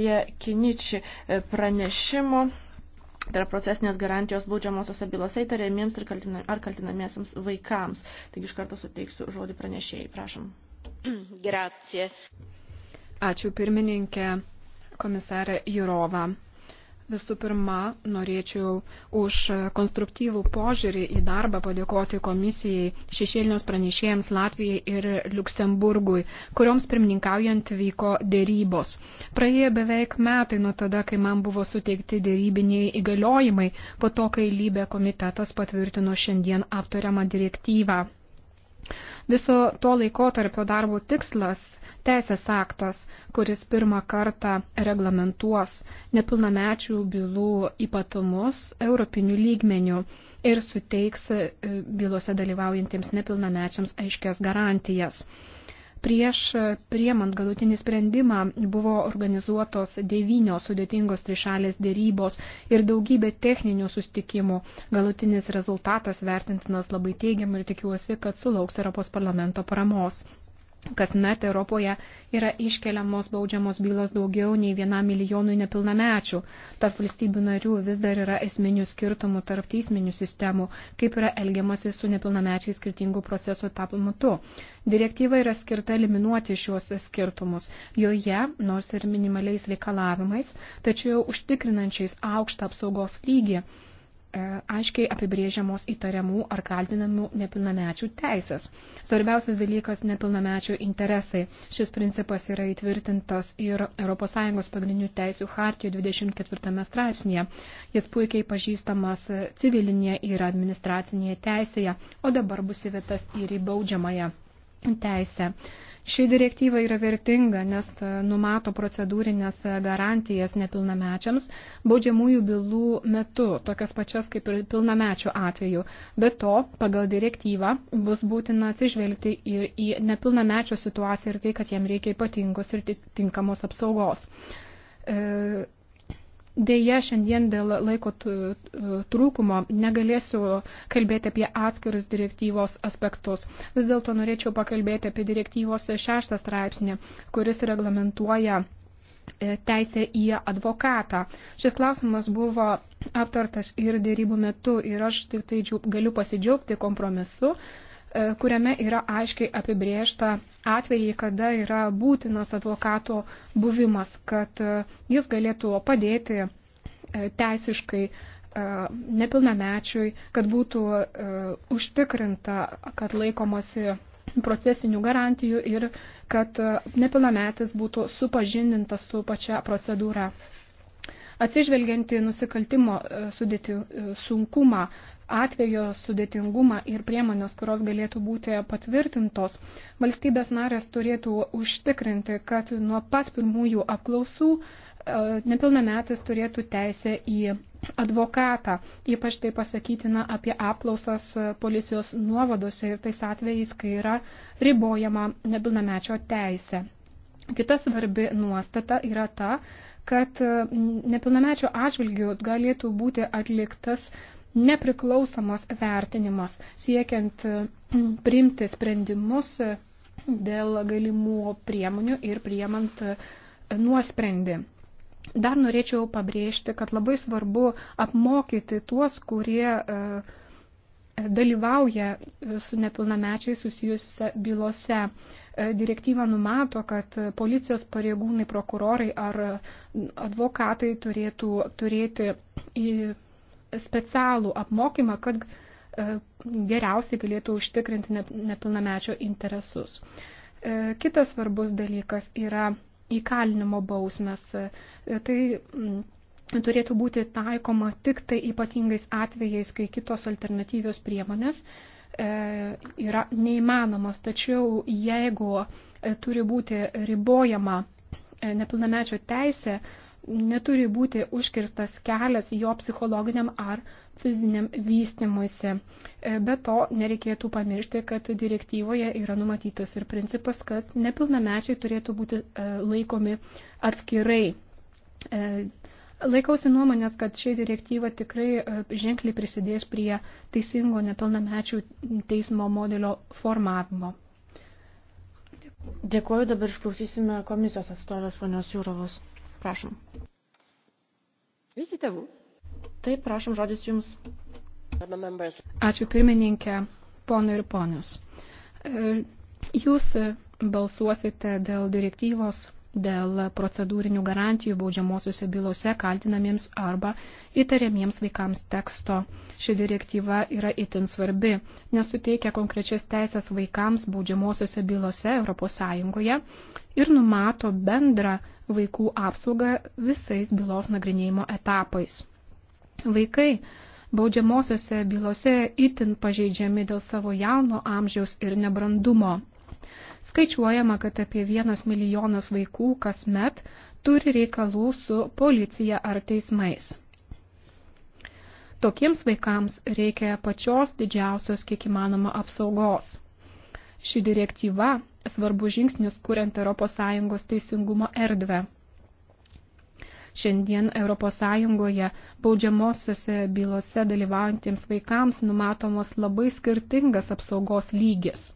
prie Kiniči e, pranešimo. Tai yra procesinės garantijos baudžiamosiose bylose įtariamiems kaltina, ar kaltinamiesiams vaikams. Taigi iš karto suteiksiu žodį pranešėjai. Prašom. Grazie. Ačiū pirmininkė komisarė Jurova. Visų pirma, norėčiau už konstruktyvų požiūrį į darbą padėkoti komisijai, šešėlinios pranešėjams Latvijai ir Luksemburgui, kurioms pirmininkaujant vyko dėrybos. Praėjo beveik metai nuo tada, kai man buvo suteikti dėrybiniai įgaliojimai, po to, kai lybė komitetas patvirtino šiandien aptariamą direktyvą. Viso to laiko tarpio darbo tikslas - teisės aktas, kuris pirmą kartą reglamentuos nepilnamečių bylų ypatumus europinių lygmenių ir suteiks e, bylose dalyvaujantiems nepilnamečiams aiškias garantijas. Prieš priemant galutinį sprendimą buvo organizuotos devynios sudėtingos trišalės dėrybos ir daugybė techninių sustikimų. Galutinis rezultatas vertintinas labai teigiamai ir tikiuosi, kad sulauks Europos parlamento paramos. Kasmet Europoje yra iškeliamos baudžiamos bylos daugiau nei vienam milijonui nepilnamečių. Tarp valstybių narių vis dar yra esminių skirtumų tarp teisminių sistemų, kaip yra elgiamasi su nepilnamečiai skirtingų procesų etapų metu. Direktyva yra skirta eliminuoti šiuos skirtumus. Joje, nors ir minimaliais reikalavimais, tačiau užtikrinančiais aukštą apsaugos lygį E, aiškiai apibrėžiamos įtariamų ar kaltinamų nepilnamečių teisės. Svarbiausias dalykas - nepilnamečių interesai. Šis principas yra įtvirtintas ir ES pagrindinių teisių hartijų 24 straipsnėje. Jis puikiai pažįstamas civilinėje ir administracinėje teisėje, o dabar bus įvėtas ir į baudžiamąją teisę. Ši direktyva yra vertinga, nes e, numato procedūrinės e, garantijas nepilnamečiams baudžiamųjų bylų metu, tokias pačias kaip ir pilnamečių atveju. Be to, pagal direktyvą bus būtina atsižvelgti ir į nepilnamečio situaciją ir tai, kad jam reikia ypatingos ir tinkamos apsaugos. E, Deja, šiandien dėl laiko trūkumo negalėsiu kalbėti apie atskirus direktyvos aspektus. Vis dėlto norėčiau pakalbėti apie direktyvos šeštą straipsnį, kuris reglamentuoja e, teisę į advokatą. Šis klausimas buvo aptartas ir dėrybų metu ir aš tik tai galiu pasidžiaugti kompromisu, E, kuriame yra aiškiai apibriešta atvejai, kada yra būtinas advokato buvimas, kad e, jis galėtų padėti e, teisiškai nepilnamečiui, kad būtų užtikrinta, kad laikomasi procesinių garantijų ir kad nepilnametis būtų supažindintas su pačia procedūra. Atsižvelgianti nusikaltimo e, sudėti, e, sunkumą, atvejo sudėtingumą ir priemonės, kurios galėtų būti patvirtintos, valstybės narės turėtų užtikrinti, kad nuo pat pirmųjų apklausų e, nepilnametis turėtų teisę į advokatą. Ypač tai pasakytina apie apklausas policijos nuovadose ir tais atvejais, kai yra ribojama nepilnamečio teisė. Kita svarbi nuostata yra ta, kad e, nepilnamečio atžvilgių galėtų būti atliktas nepriklausomas vertinimas, siekiant e, priimti sprendimus e, dėl galimų priemonių ir priemant nuosprendį. Dar norėčiau pabrėžti, kad labai svarbu apmokyti tuos, kurie dalyvauja su nepilnamečiai susijusiuose bylose. E, direktyva numato, kad policijos pareigūnai, prokurorai ar advokatai turėtų turėti specialų apmokymą, kad e, geriausiai galėtų užtikrinti nepilnamečio interesus. E, kitas svarbus dalykas yra įkalinimo bausmės. Tai turėtų būti taikoma tik tai ypatingais atvejais, kai kitos alternatyvios priemonės E, yra neįmanomas. Tačiau jeigu e, turi būti ribojama e, nepilnamečio teisė, neturi būti užkirstas kelias jo psichologiniam ar fiziniam vystimuisi. Be to, nereikėtų pamiršti, kad direktyvoje yra numatytas ir principas, kad nepilnamečiai turėtų būti laikomi atskirai Laikausi nuomonės, kad ši direktyva tikrai e, ženkliai prisidės prie teisingo nepilnamečių teismo modelio formavimo. Dėkuoju, dabar išklausysime komisijos atstovės ponios Jūrovos. Prašom. Visi tėvų. Taip, prašom, žodis jums. Ačiū pirmininkė, ponai ir ponios. E, jūs balsuosite dėl direktyvos dėl procedūrinių garantijų baudžiamosiuose bylose kaltinamiems arba įtariamiems vaikams teksto. Ši direktyva yra itin svarbi, nes suteikia konkrečias teisės vaikams baudžiamosiuose bylose ES ir numato bendrą vaikų apsaugą visais bylos nagrinėjimo etapais. Vaikai baudžiamosiuose bylose itin pažeidžiami dėl savo jauno amžiaus ir nebrandumo. Skaičiuojama, kad apie vienas milijonas vaikų kasmet turi reikalų su policija ar teismais. Tokiems vaikams reikia pačios didžiausios kiek įmanoma apsaugos. Ši direktyva svarbu žingsnis kuriant ES teisingumo erdvę. Šiandien ES baudžiamosiose bylose dalyvaujantiems vaikams numatomos labai skirtingas apsaugos lygis.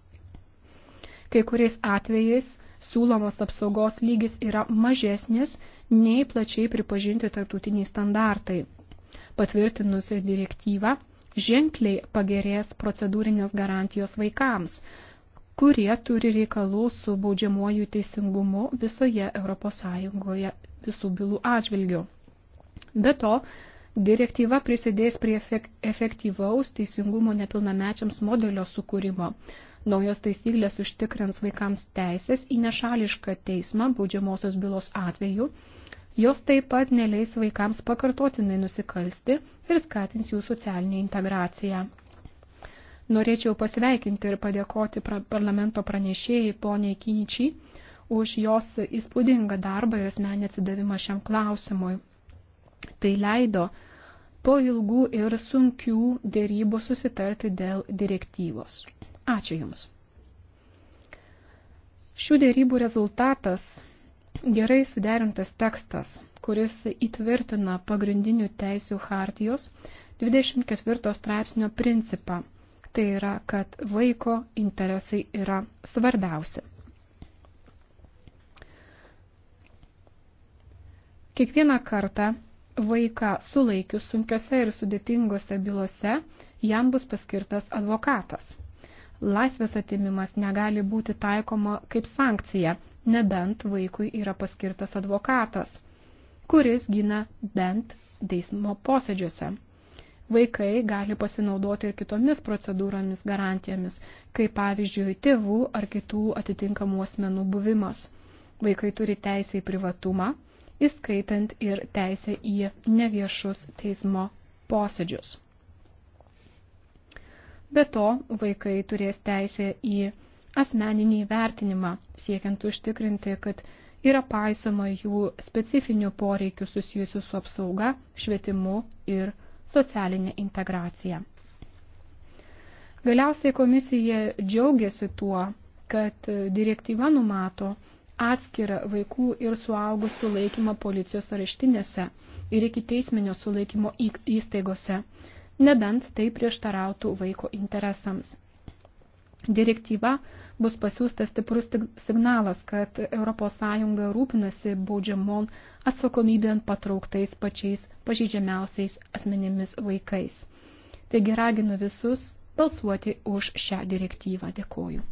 Kai kuriais atvejais siūlomos apsaugos lygis yra mažesnis nei plačiai pripažinti tarptautiniai standartai. Patvirtinus direktyvą, ženkliai pagerės procedūrinės garantijos vaikams, kurie turi reikalų su baudžiamuoju teisingumu visoje ES visų bylų atžvilgių. Be to, direktyva prisidės prie efektyvaus teisingumo nepilnamečiams modelio sukūrimo Naujos taisyklės užtikrins vaikams teisės į nešališką teismą baudžiamosios bylos atveju. Jos taip pat neleis vaikams pakartotinai nusikalsti ir skatins jų socialinę integraciją. Norėčiau pasveikinti ir padėkoti parlamento pranešėjai poniai Kyničiai už jos įspūdingą darbą ir asmenį atsidavimą šiam klausimui. Tai leido po ilgų ir sunkių dėrybų susitarti dėl direktyvos. Ačiū Jums. Šių dėrybų rezultatas gerai suderintas tekstas, kuris įtvirtina pagrindinių teisių hartijos 24 straipsnio principą. Tai yra, kad vaiko interesai yra svarbiausi. Kiekvieną kartą vaiką sulaikius sunkiose ir sudėtingose bylose jam bus paskirtas advokatas laisvės atimimas negali būti taikoma kaip sankcija, nebent vaikui yra paskirtas advokatas, kuris gina bent teismo posėdžiuose. Vaikai gali pasinaudoti ir kitomis procedūromis garantijomis, kaip pavyzdžiui tėvų ar kitų atitinkamų asmenų buvimas. Vaikai turi teisę į privatumą, įskaitant ir teisę į neviešus teismo posėdžius. Be to, vaikai turės teisę į asmeninį vertinimą, siekiant užtikrinti, kad yra paisoma jų specifinių poreikių susijusių su apsauga, švietimu ir socialinė integracija. Galiausiai komisija džiaugiasi tuo, kad direktyva numato atskirą vaikų ir suaugusių laikymą policijos areštinėse ir iki teisminio sulaikymo įstaigose, nebent tai prieštarautų vaiko interesams. Direktyva bus pasiūstas stiprus signalas, kad ES rūpinasi baudžiamon atsakomybėn patrauktais pačiais pažydžiamiausiais asmenimis vaikais. Taigi raginu visus balsuoti už šią direktyvą. Dėkoju.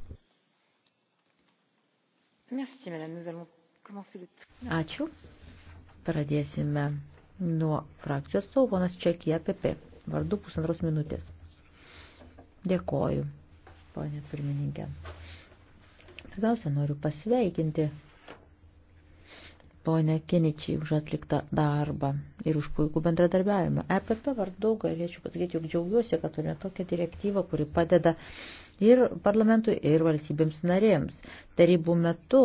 Ačiū. Pradėsime nuo frakcijos savo, ponas Čekija PP vardu pusantros minutės. Dėkoju, ponė pirmininkė. Pirmiausia, noriu pasveikinti ponę Kiničiai už atliktą darbą ir už puikų bendradarbiavimą. EPP vardu galėčiau pasakyti, jog džiaugiuosi, kad turime tokią direktyvą, kuri padeda ir parlamentui, ir valstybėms narėms. Tarybų metu,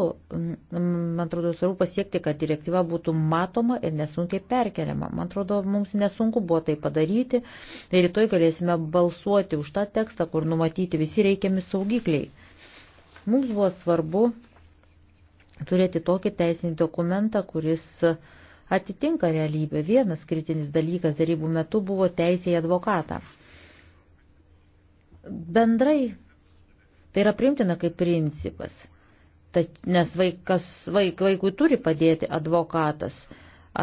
man atrodo, svarbu pasiekti, kad direktyva būtų matoma ir nesunkiai perkeliama. Man atrodo, mums nesunku buvo tai padaryti ir rytoj galėsime balsuoti už tą tekstą, kur numatyti visi reikiami saugikliai. Mums buvo svarbu turėti tokį teisinį dokumentą, kuris atitinka realybę. Vienas kritinis dalykas darybų metu buvo teisė į advokatą. Bendrai Tai yra primtina kaip principas, Tad, nes vaikas, vaik, vaikui turi padėti advokatas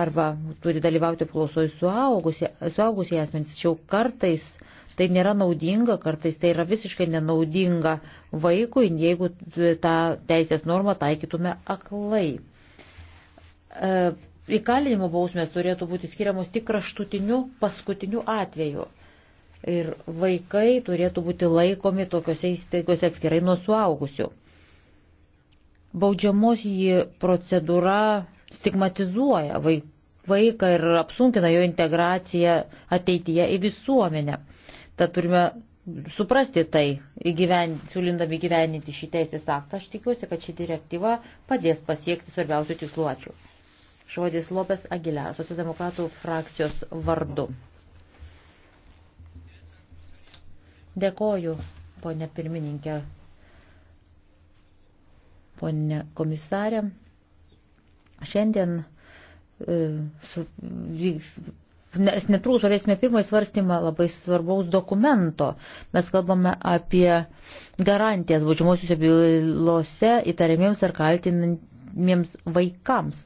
arba turi dalyvauti apklausoj suaugusiai asmenys, tačiau kartais tai nėra naudinga, kartais tai yra visiškai nenaudinga vaikui, jeigu tą teisės normą taikytume aklai. E, įkalinimo bausmės turėtų būti skiriamos tik kraštutiniu paskutiniu atveju ir vaikai turėtų būti laikomi tokiuose įstaigose atskirai nuo suaugusių. Baudžiamoji procedūra stigmatizuoja vaiką ir apsunkina jo integraciją ateityje į visuomenę. Tad turime suprasti tai, įgyven, siūlindami gyveninti šį teisės aktą. Aš tikiuosi, kad ši direktyva padės pasiekti svarbiausių tikslų. Ačiū. Švodis Lopes Agilė, socialdemokratų frakcijos vardu. Dėkoju, ponė pirmininkė, ponė komisarė. Šiandien e, su, vyks, nes netrukus turėsime pirmąjį svarstymą labai svarbaus dokumento. Mes kalbame apie garantijas baudžiamosiuose bylose įtariamiems ar kaltinant įtariamiems vaikams.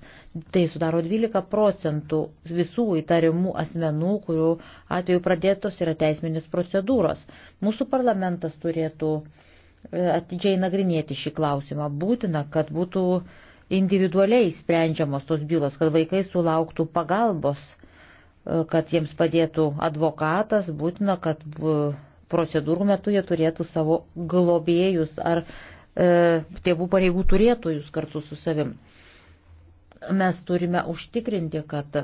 Tai sudaro 12 procentų visų įtariamų asmenų, kurių atveju pradėtos yra teisminės procedūros. Mūsų parlamentas turėtų e, atidžiai nagrinėti šį klausimą. Būtina, kad būtų individualiai sprendžiamos tos bylos, kad vaikai sulauktų pagalbos, e, kad jiems padėtų advokatas, būtina, kad e, procedūrų metu jie turėtų savo globėjus ar E, tėvų pareigų turėtojus kartu su savim. Mes turime užtikrinti, kad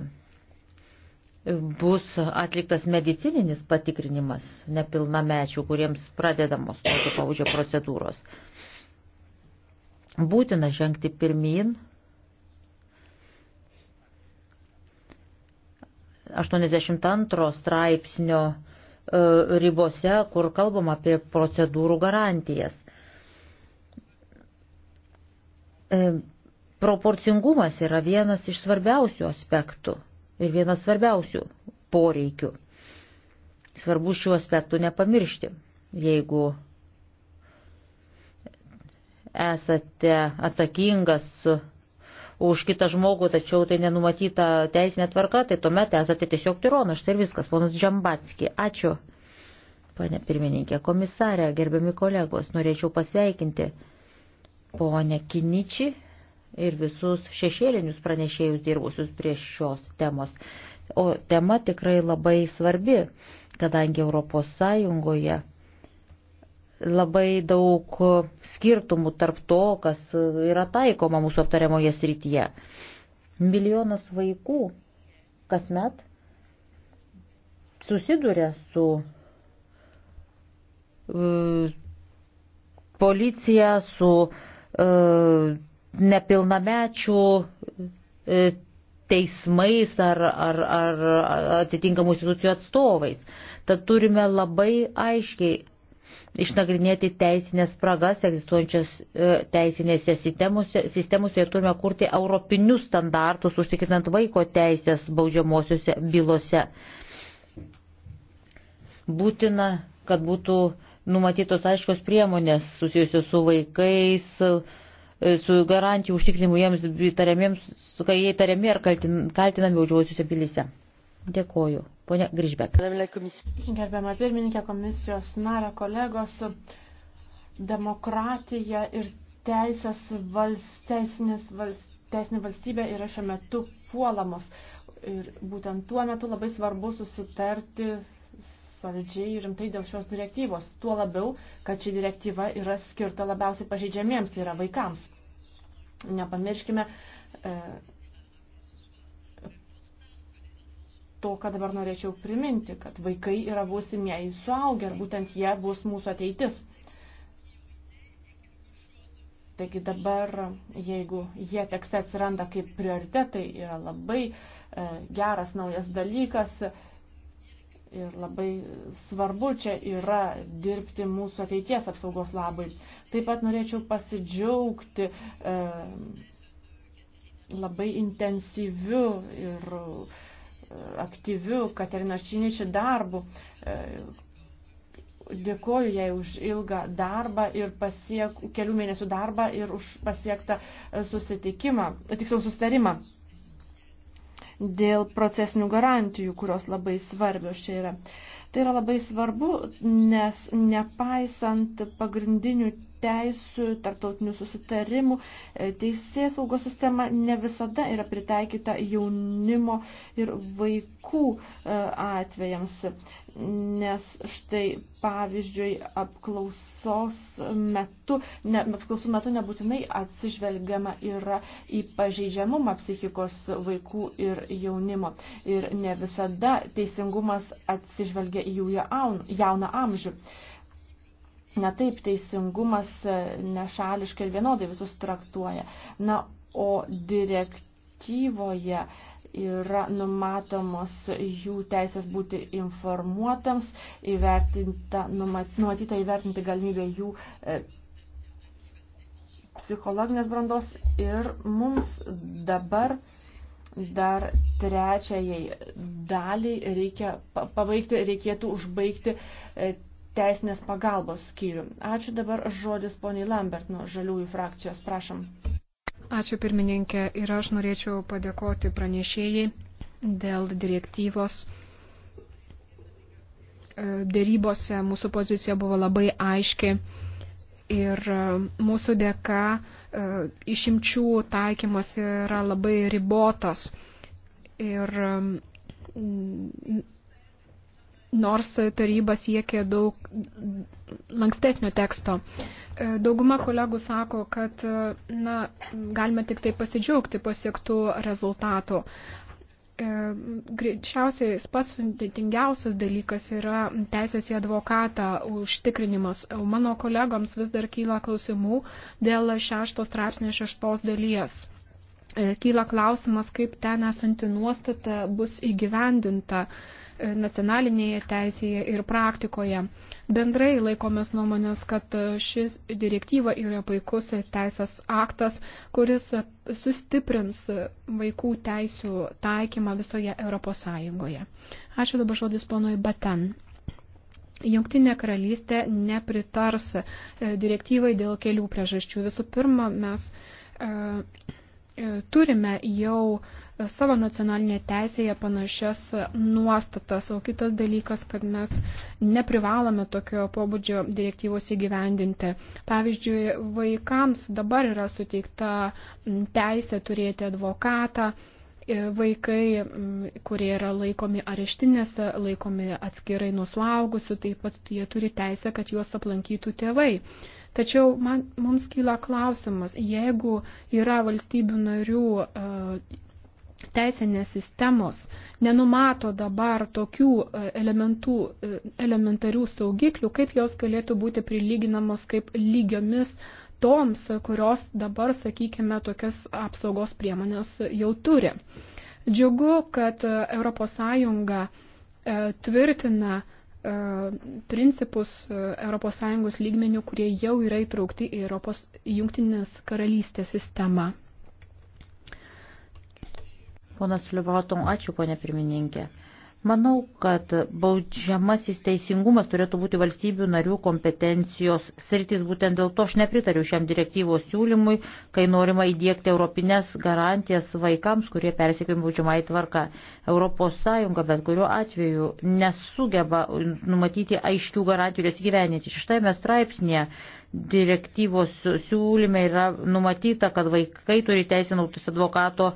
bus atliktas medicininis patikrinimas nepilnamečių, kuriems pradedamos tokio paudžio procedūros. Būtina žengti pirmin. 82 straipsnio e, ribose, kur kalbama apie procedūrų garantijas. E, proporcingumas yra vienas iš svarbiausių aspektų ir vienas svarbiausių poreikių. Svarbu šių aspektų nepamiršti. Jeigu esate atsakingas už kitą žmogų, tačiau tai nenumatyta teisinė tvarka, tai tuomet esate tiesiog tironas. Štai ir viskas, ponas Džambatski. Ačiū, pane pirmininkė, komisarė, gerbiami kolegos, norėčiau pasveikinti ponę Kiničį ir visus šešėlinius pranešėjus dirbusius prie šios temos. O tema tikrai labai svarbi, kadangi Europos Sąjungoje labai daug skirtumų tarp to, kas yra taikoma mūsų aptariamoje srityje. Milijonas vaikų kasmet susiduria su uh, policija, su uh, E, nepilnamečių e, teismais ar, ar, ar atitinkamų institucijų atstovais. Tad turime labai aiškiai išnagrinėti teisinės spragas egzistuojančias e, teisinėse sistemose ir turime kurti europinius standartus, užtikrinant vaiko teisės baudžiamosiuose bylose. Būtina, kad būtų uh, numatytos aiškios priemonės susijusios su vaikais, e, su garantijų užtikrinimu jiems tariamiems, kai jie tariami ar kaltinami baudžiausiuose bylise. Dėkoju. Pone Grįžbek. Gerbiama pirmininkė komisijos nario kolegos, demokratija ir teisės vals, teisinės vals, teisinė valstybė yra šiuo metu puolamos. Ir būtent tuo metu labai svarbu susitarti absoliučiai rimtai dėl šios direktyvos. Tuo labiau, kad ši direktyva yra skirta labiausiai pažeidžiamiems, tai yra vaikams. Nepamirškime e, to, ką dabar norėčiau priminti, kad vaikai yra būsimieji suaugę ir būtent jie bus mūsų ateitis. Taigi dabar, jeigu jie tekste atsiranda kaip prioritetai, yra labai e, geras naujas dalykas, Ir labai svarbu čia yra dirbti mūsų ateities apsaugos labai. Taip pat norėčiau pasidžiaugti e, labai intensyviu ir e, aktyviu Katerina Šiničių darbu. E, dėkoju jai už ilgą darbą ir pasiek, kelių mėnesių darbą ir už pasiektą e, susitikimą, tiksliau sustarimą dėl procesinių garantijų, kurios labai svarbios čia yra. Tai yra labai svarbu, nes nepaisant pagrindinių teisų, tarptautinių susitarimų. E, teisės saugos sistema ne visada yra pritaikyta jaunimo ir vaikų e, atvejams, nes štai pavyzdžiui apklausos metu, ne, apklausų metu nebūtinai atsižvelgiama yra į pažeidžiamumą psichikos vaikų ir jaunimo. Ir ne visada teisingumas atsižvelgia į jų jauną amžių netaip teisingumas e, nešališkai ir vienodai visus traktuoja. Na, o direktyvoje yra numatomos jų teisės būti informuotams, įvertinta, numatyta įvertinti galimybę jų e, psichologinės brandos ir mums dabar dar trečiajai daliai reikia pabaigti, reikėtų užbaigti e, teisinės pagalbos skyrių. Ačiū dabar žodis poniai Lambert nuo Žaliųjų frakcijos. Prašom. Ačiū pirmininkė ir aš norėčiau padėkoti pranešėjai dėl direktyvos. E, dėrybose mūsų pozicija buvo labai aiški ir e, mūsų dėka e, išimčių taikymas yra labai ribotas. Ir nors taryba siekė daug lankstesnio teksto. E, dauguma kolegų sako, kad e, na, galime tik tai pasidžiaugti pasiektų rezultatų. E, greičiausiai pats sudėtingiausias dalykas yra teisės į advokatą užtikrinimas. Mano kolegoms vis dar kyla klausimų dėl šešto straipsnio šeštos dalies kyla klausimas, kaip ten esanti nuostata bus įgyvendinta nacionalinėje teisėje ir praktikoje. Bendrai laikomės nuomonės, kad šis direktyva yra puikus teisės aktas, kuris sustiprins vaikų teisų taikymą visoje Europos Sąjungoje. Ačiū dabar žodis ponui Baten. Jungtinė karalystė nepritars e, direktyvai dėl kelių priežasčių. Visų pirma, mes e, E, turime jau savo nacionalinėje teisėje panašias nuostatas, o kitas dalykas, kad mes neprivalome tokio pobūdžio direktyvos įgyvendinti. Pavyzdžiui, vaikams dabar yra suteikta teisė turėti advokatą. E, vaikai, kurie yra laikomi areštinėse, laikomi atskirai nuo suaugusių, taip pat jie turi teisę, kad juos aplankytų tėvai. Tačiau man, mums kyla klausimas, jeigu yra valstybių narių e, teisinės sistemos nenumato dabar tokių e, elementų, e, elementarių saugiklių, kaip jos galėtų būti prilyginamos kaip lygiomis toms, kurios dabar, sakykime, tokias apsaugos priemonės jau turi. Džiugu, kad ES tvirtina E, principus ES lygmenių, kurie jau yra įtraukti į Europos jungtinės karalystės sistemą. Ponas Liuvaton, ačiū, ponė pirmininkė. Manau, kad baudžiamasis teisingumas turėtų būti valstybių narių kompetencijos sritis. Būtent dėl to aš nepritariu šiam direktyvos siūlymui, kai norima įdėkti europinės garantijas vaikams, kurie persikėjami baudžiamai tvarka. ES bet kuriuo atveju nesugeba numatyti aiškių garantijų jas gyveninti. Šeštame straipsnėje direktyvos siūlyme yra numatyta, kad vaikai turi teisę naudotis advokato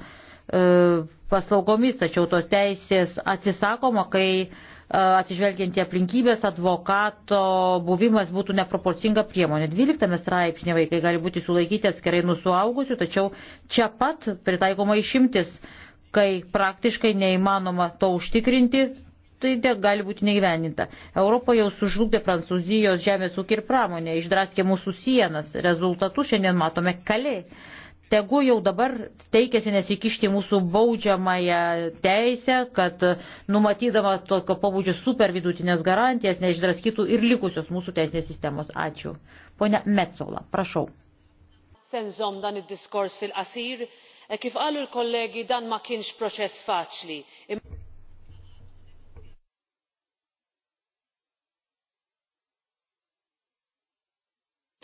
E, paslaugomis, tačiau tos teisės atsisakoma, kai e, atsižvelgiant į aplinkybės advokato buvimas būtų neproporcinga priemonė. 12 straipsnė vaikai gali būti sulaikyti atskirai nuo suaugusių, tačiau čia pat pritaikoma išimtis, kai praktiškai neįmanoma to užtikrinti, tai gali būti neįveninta. Europą jau sužlugdė Prancūzijos žemės ūkį ir pramonė, išdraskė mūsų sienas, rezultatų šiandien matome kaliai tegu jau dabar teikėsi nesikišti mūsų baudžiamąją teisę, kad numatydama tokio pobūdžio super vidutinės garantijas neišdraskytų ir likusios mūsų teisinės sistemos. Ačiū. Pone Metzola, prašau. Senżom dan id-diskors fil-qasir, e kif qalu l-kollegi dan ma kienx proċess faċli.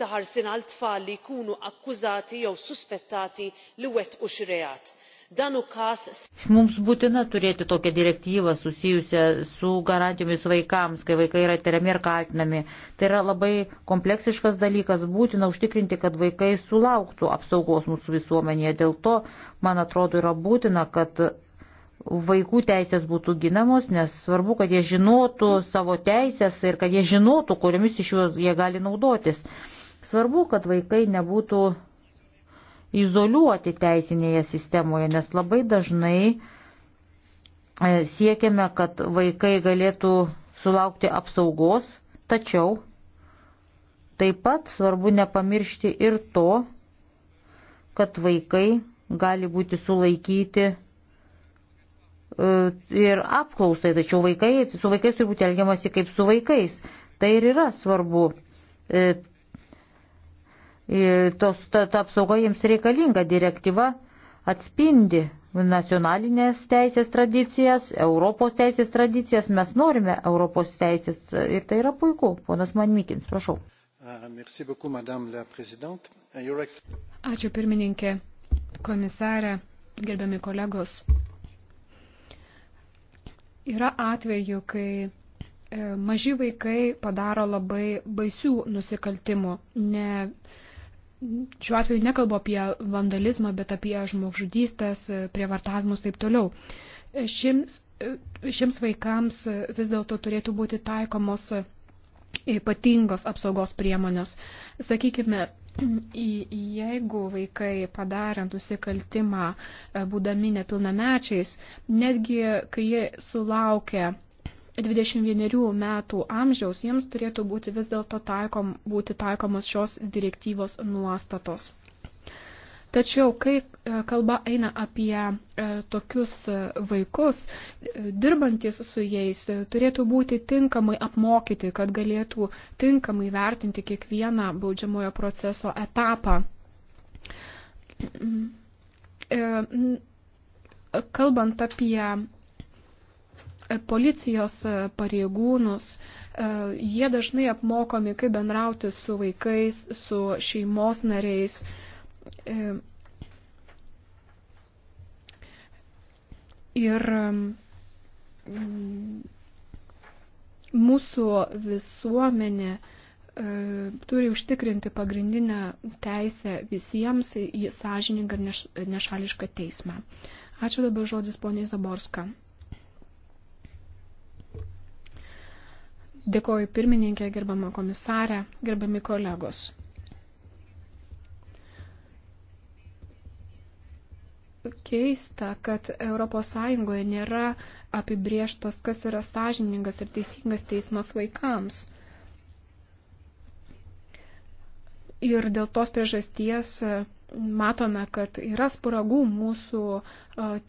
ta' ħarsien għal tfal li jkunu akkużati jew suspettati li wettqu xi reat. Dan hu każ Mums būtina turėti tokią direktyvą susijusią su garantijomis vaikams, kai vaikai yra tariami ir kaltinami. Tai yra labai kompleksiškas dalykas, būtina užtikrinti, kad vaikai sulauktų apsaugos mūsų visuomenėje. Dėl to, man atrodo, yra būtina, kad vaikų teisės būtų ginamos, nes svarbu, kad jie žinotų savo teisės ir kad jie žinotų, kuriomis iš juos jie gali naudotis. Uh, Svarbu, kad vaikai nebūtų izoliuoti teisinėje sistemoje, nes labai dažnai e, siekiame, kad vaikai galėtų sulaukti apsaugos, tačiau taip pat svarbu nepamiršti ir to, kad vaikai gali būti sulaikyti e, ir apklausai, tačiau vaikai, su vaikais turi būti elgiamasi kaip su vaikais. Tai ir yra svarbu e, tos, ta, ta apsauga jiems reikalinga. Direktyva atspindi nacionalinės teisės tradicijas, Europos teisės tradicijas. Mes norime Europos teisės ir tai yra puiku. Ponas Manmikins, prašau. Uh, uh, Ačiū pirmininkė, komisarė, gerbiami kolegos. Yra atveju, kai e, maži vaikai padaro labai baisių nusikaltimų, ne šiuo atveju nekalbu apie vandalizmą, bet apie žmogžudystės, prievartavimus taip toliau. Šims, šims vaikams vis dėlto turėtų būti taikomos ypatingos apsaugos priemonės. Sakykime, jeigu vaikai padarė nusikaltimą būdami nepilnamečiais, netgi kai jie sulaukia 21 metų amžiaus jiems turėtų būti vis dėlto taikom, būti taikomos šios direktyvos nuostatos. Tačiau, kai e, kalba eina apie e, tokius e, vaikus, dirbantis su jais turėtų būti tinkamai apmokyti, kad galėtų tinkamai vertinti kiekvieną baudžiamojo proceso etapą. Kalbant apie policijos e, pareigūnus. E, jie dažnai apmokomi, kaip bendrauti su vaikais, su šeimos nariais. E, ir mūsų visuomenė turi užtikrinti pagrindinę teisę visiems į sąžiningą ir nešališką teismą. Ačiū dabar žodis poniai Zaborska. Dėkoju pirmininkė, gerbama komisarė, gerbami kolegos. Keista, kad ES nėra apibrieštas, kas yra sąžiningas ir teisingas teismas vaikams. Ir dėl tos priežasties matome, kad yra spragų mūsų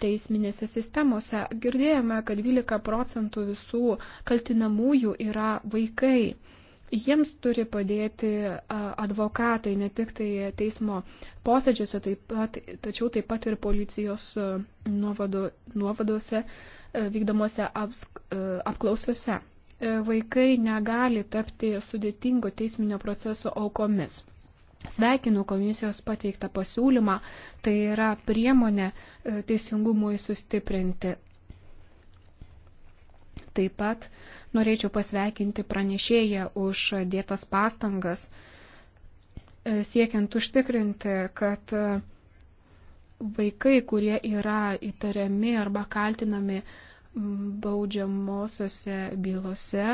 teisminėse sistemose. Girdėjome, kad 12 procentų visų kaltinamųjų yra vaikai. Jiems turi padėti advokatai, ne tik tai teismo posėdžiuose, taip pat, tačiau taip pat ir policijos nuovado, nuovadose vykdomose apklausose. Vaikai negali tapti sudėtingo teisminio proceso aukomis. Sveikinu komisijos pateiktą pasiūlymą, tai yra priemonė e, teisingumui sustiprinti. Taip pat norėčiau pasveikinti pranešėją už dėtas pastangas, e, siekiant užtikrinti, kad e, vaikai, kurie yra įtariami arba kaltinami baudžiamosiose bylose,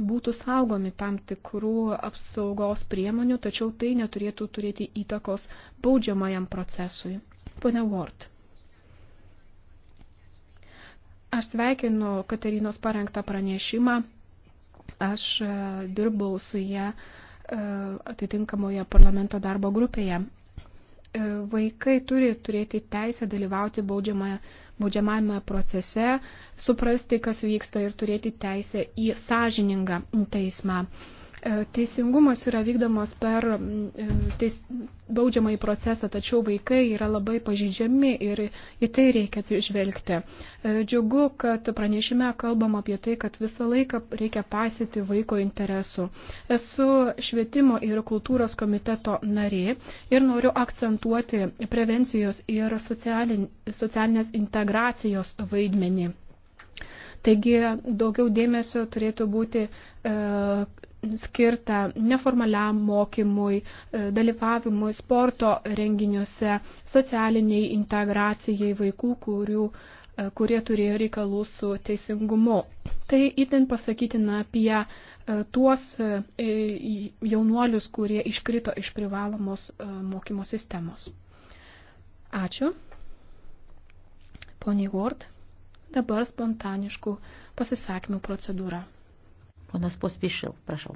būtų saugomi tam tikrų apsaugos priemonių, tačiau tai neturėtų turėti įtakos baudžiamajam procesui. Pone Ward. Aš sveikinu Katerinos parengtą pranešimą. Aš e, dirbau su ją e, atitinkamoje parlamento darbo grupėje. E, vaikai turi turėti teisę dalyvauti baudžiamoje baudžiamame procese, suprasti, kas vyksta ir turėti teisę į sąžiningą teismą. E, teisingumas yra vykdomas per e, teis, baudžiamąjį procesą, tačiau vaikai yra labai pažydžiami ir į tai reikia atsižvelgti. E, džiugu, kad pranešime kalbam apie tai, kad visą laiką reikia pasiti vaiko interesų. Esu švietimo ir kultūros komiteto narė ir noriu akcentuoti prevencijos ir socialinės integracijos vaidmenį. Taigi daugiau dėmesio turėtų būti e, skirta neformaliam mokymui, e, dalyvavimui sporto renginiuose, socialiniai integracijai vaikų, kurių, e, kurie turėjo reikalų su teisingumu. Tai itin pasakytina apie tuos jaunuolius, kurie iškrito iš privalomos mokymo sistemos. Ačiū. Pony Ward. Dabar spontaniškų pasisakymų procedūra. Ponas Pospišil, prašau.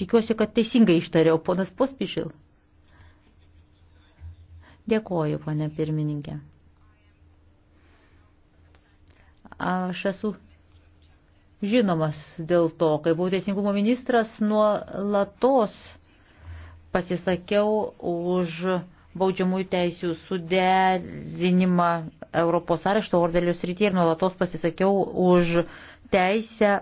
Tikiuosi, kad teisingai ištariau, ponas Pospišil. Dėkoju, ponė pirmininkė. Aš esu žinomas dėl to, kai buvau teisingumo ministras, nuo latos pasisakiau už baudžiamųjų teisių suderinimą Europos arešto ordelio srityje ir nuolatos pasisakiau už teisę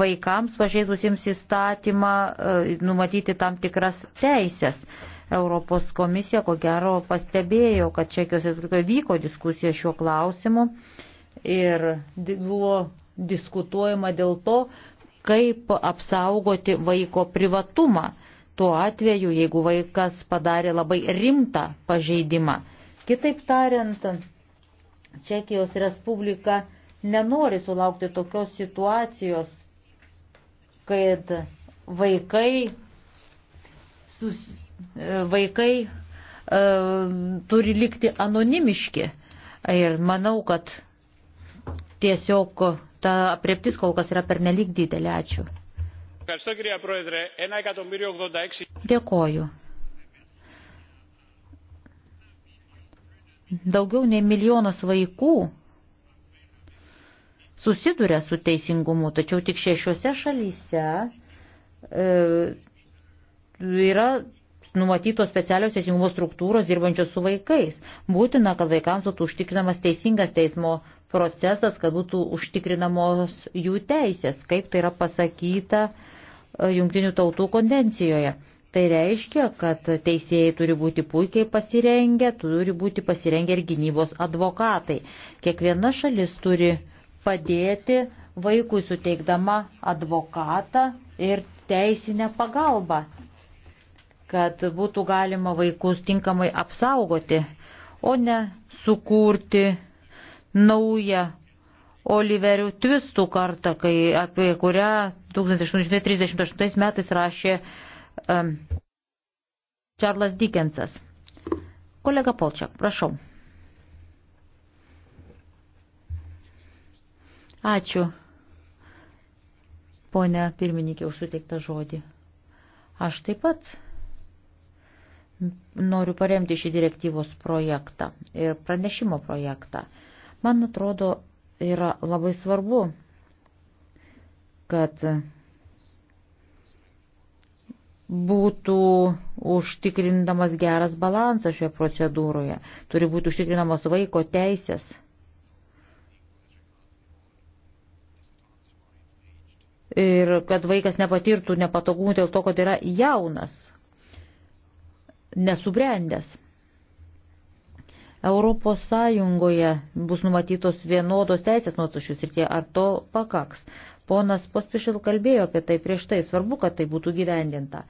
vaikams pažeidusiems įstatymą e, numatyti tam tikras teisės. Europos komisija, ko gero, pastebėjo, kad Čekijos Respublikoje vyko diskusija šiuo klausimu ir buvo diskutuojama dėl to, kaip apsaugoti vaiko privatumą tuo atveju, jeigu vaikas padarė labai rimtą pažeidimą. Kitaip tariant, Čekijos Respublika nenori sulaukti tokios situacijos, kad vaikai, sus, vaikai e, turi likti anonimiški. Ir manau, kad tiesiog ta apreptis kol kas yra pernelyg didelė. Ačiū. Dėkoju. Daugiau nei milijonas vaikų susiduria su teisingumu, tačiau tik šešiose šalyse e, yra numatytos specialios teisingumo struktūros dirbančios su vaikais. Būtina, kad vaikams būtų užtikrinamas teisingas teismo procesas, kad būtų užtikrinamos jų teisės, kaip tai yra pasakyta Junktinių tautų konvencijoje. Tai reiškia, kad teisėjai turi būti puikiai pasirengę, turi būti pasirengę ir gynybos advokatai. Kiekviena šalis turi padėti vaikui suteikdama advokatą ir teisinę pagalbą, kad būtų galima vaikus tinkamai apsaugoti, o ne sukurti naują Oliverių Twistų kartą, kai, apie kurią 1838 metais rašė um, Čarlas Dikensas. Kolega Polčiak, prašau. Ačiū, ponia pirmininkė, už suteiktą žodį. Aš taip pat noriu paremti šį direktyvos projektą ir pranešimo projektą. Man atrodo, yra labai svarbu, kad būtų užtikrindamas geras balansas šioje procedūroje, turi būti užtikrinamos vaiko teisės. Ir kad vaikas nepatirtų nepatogumų dėl to, kad yra jaunas, nesubrendęs. Europos Sąjungoje bus numatytos vienodos teisės nuotošių srityje, ar to pakaks. Ponas Pospišil kalbėjo apie tai prieš tai, svarbu, kad tai būtų gyvendinta.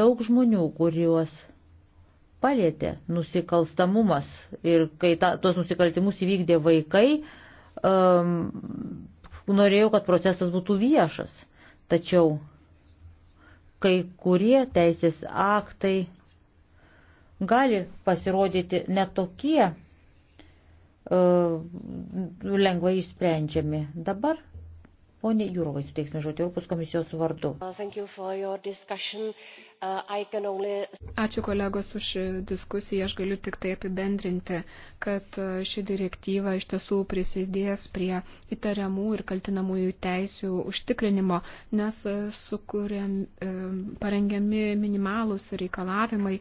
Daug žmonių, kuriuos palėtė nusikalstamumas ir kai ta, tos nusikaltimus įvykdė vaikai, um, norėjau, kad procesas būtų viešas. Tačiau kai kurie teisės aktai gali pasirodyti netokie uh, e, lengvai išsprendžiami. Dabar Pone Jūrovai, suteiksime žodį Europos komisijos vardu. Uh, uh, Ačiū kolegos už diskusiją. Aš galiu tik tai apibendrinti, kad uh, ši direktyva iš tiesų prisidės prie įtariamų ir kaltinamųjų teisių užtikrinimo, nes sukūrėm, um, parengiami minimalūs reikalavimai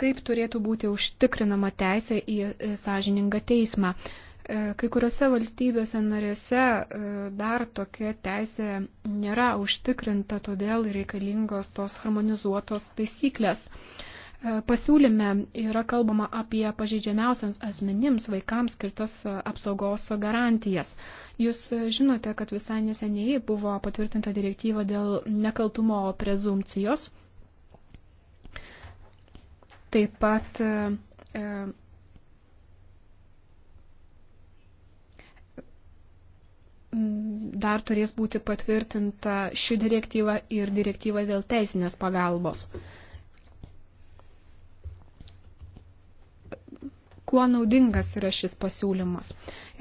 kaip turėtų būti užtikrinama teisė į e, sąžiningą teismą. E, kai kuriuose valstybėse narėse e, dar tokia teisė nėra užtikrinta, todėl reikalingos tos harmonizuotos taisyklės. Pasiūlyme yra kalbama apie pažeidžiamiausiams asmenims vaikams skirtas apsaugos garantijas. Jūs žinote, kad visai neseniai buvo patvirtinta direktyva dėl nekaltumo prezumcijos Taip pat e, e, dar turės būti patvirtinta ši direktyva ir direktyva dėl teisinės pagalbos. Kuo naudingas yra šis pasiūlymas?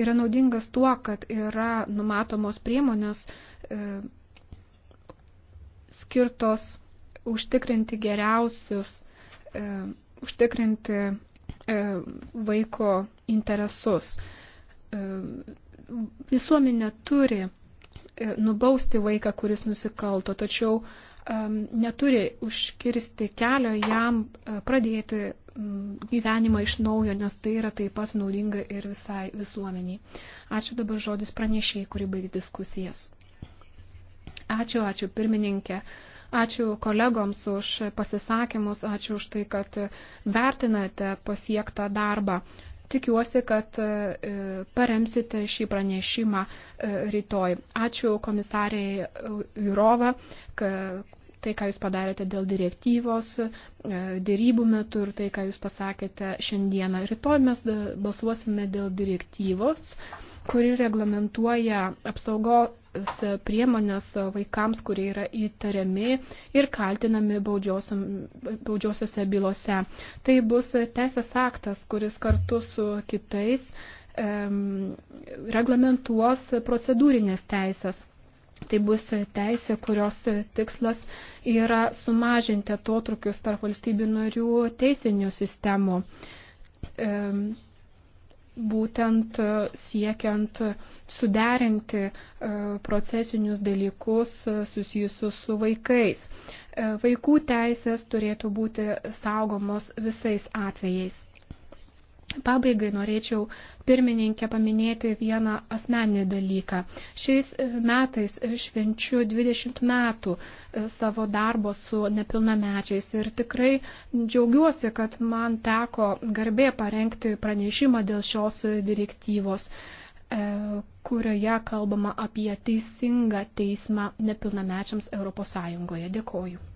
Yra naudingas tuo, kad yra numatomos priemonės e, skirtos užtikrinti geriausius e, užtikrinti e, vaiko interesus. E, visuomenė turi e, nubausti vaiką, kuris nusikalto, tačiau neturi užkirsti kelio jam pradėti gyvenimą iš naujo, nes tai yra taip pat naudinga ir visai visuomeniai. Ačiū dabar žodis pranešėjai, kuri baigs diskusijas. Ačiū, ačiū pirmininkė. Ačiū kolegoms už pasisakymus, ačiū už tai, kad vertinate pasiektą darbą. Tikiuosi, kad e, paremsite šį pranešimą e, rytoj. Ačiū komisariai Jurova, tai, ką jūs padarėte dėl direktyvos, e, dėrybų metu ir tai, ką jūs pasakėte šiandieną. Rytoj mes balsuosime dėl direktyvos kuri reglamentuoja apsaugos priemonės vaikams, kurie yra įtariami ir kaltinami baudžiosiuose bylose. Tai bus teisės aktas, kuris kartu su kitais um, reglamentuos procedūrinės teisės. Tai bus teisė, kurios tikslas yra sumažinti atotrukius tarp valstybių narių teisinių sistemų. Um, būtent e, siekiant suderinti e, procesinius dalykus e, susijusius su vaikais. Vaikų teisės turėtų būti saugomos visais atvejais. Pabaigai norėčiau pirmininkę paminėti vieną asmeninį dalyką. Šiais e, metais švenčiu 20 metų e, savo darbo su nepilnamečiais ir tikrai džiaugiuosi, kad man teko garbė parengti pranešimą dėl šios direktyvos, e, kurioje kalbama apie teisingą teismą nepilnamečiams ES. Dėkoju.